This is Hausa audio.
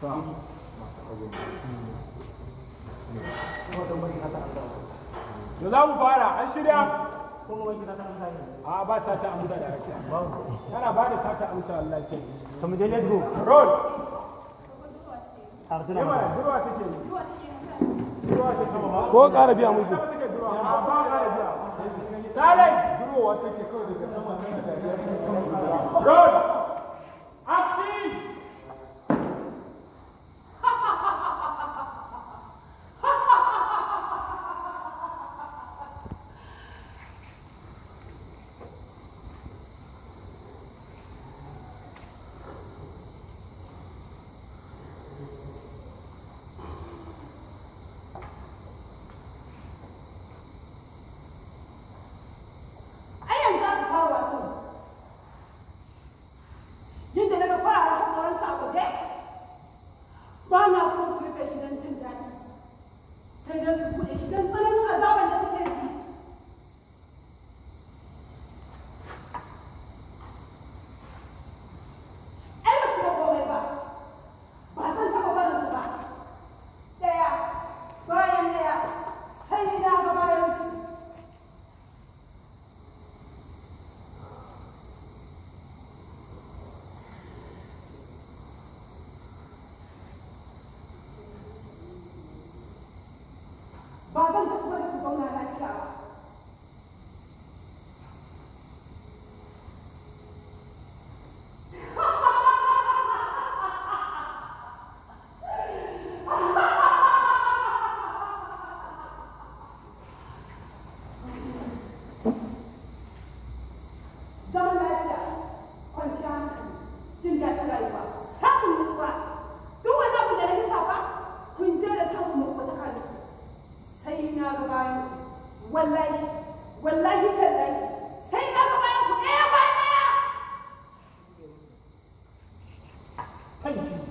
samu masu azumi da za mu fara an shirya a ba sa ta amsa da ake tana ba da sa ta amsa Allah ke to mu je let's go roll ardina durwa take durwa take sama ma ko ƙara biya musu ba ƙara biya silent durwa take kawai daga sama roll zaman lafiya duk na nisa ba kun je da sai ɗaya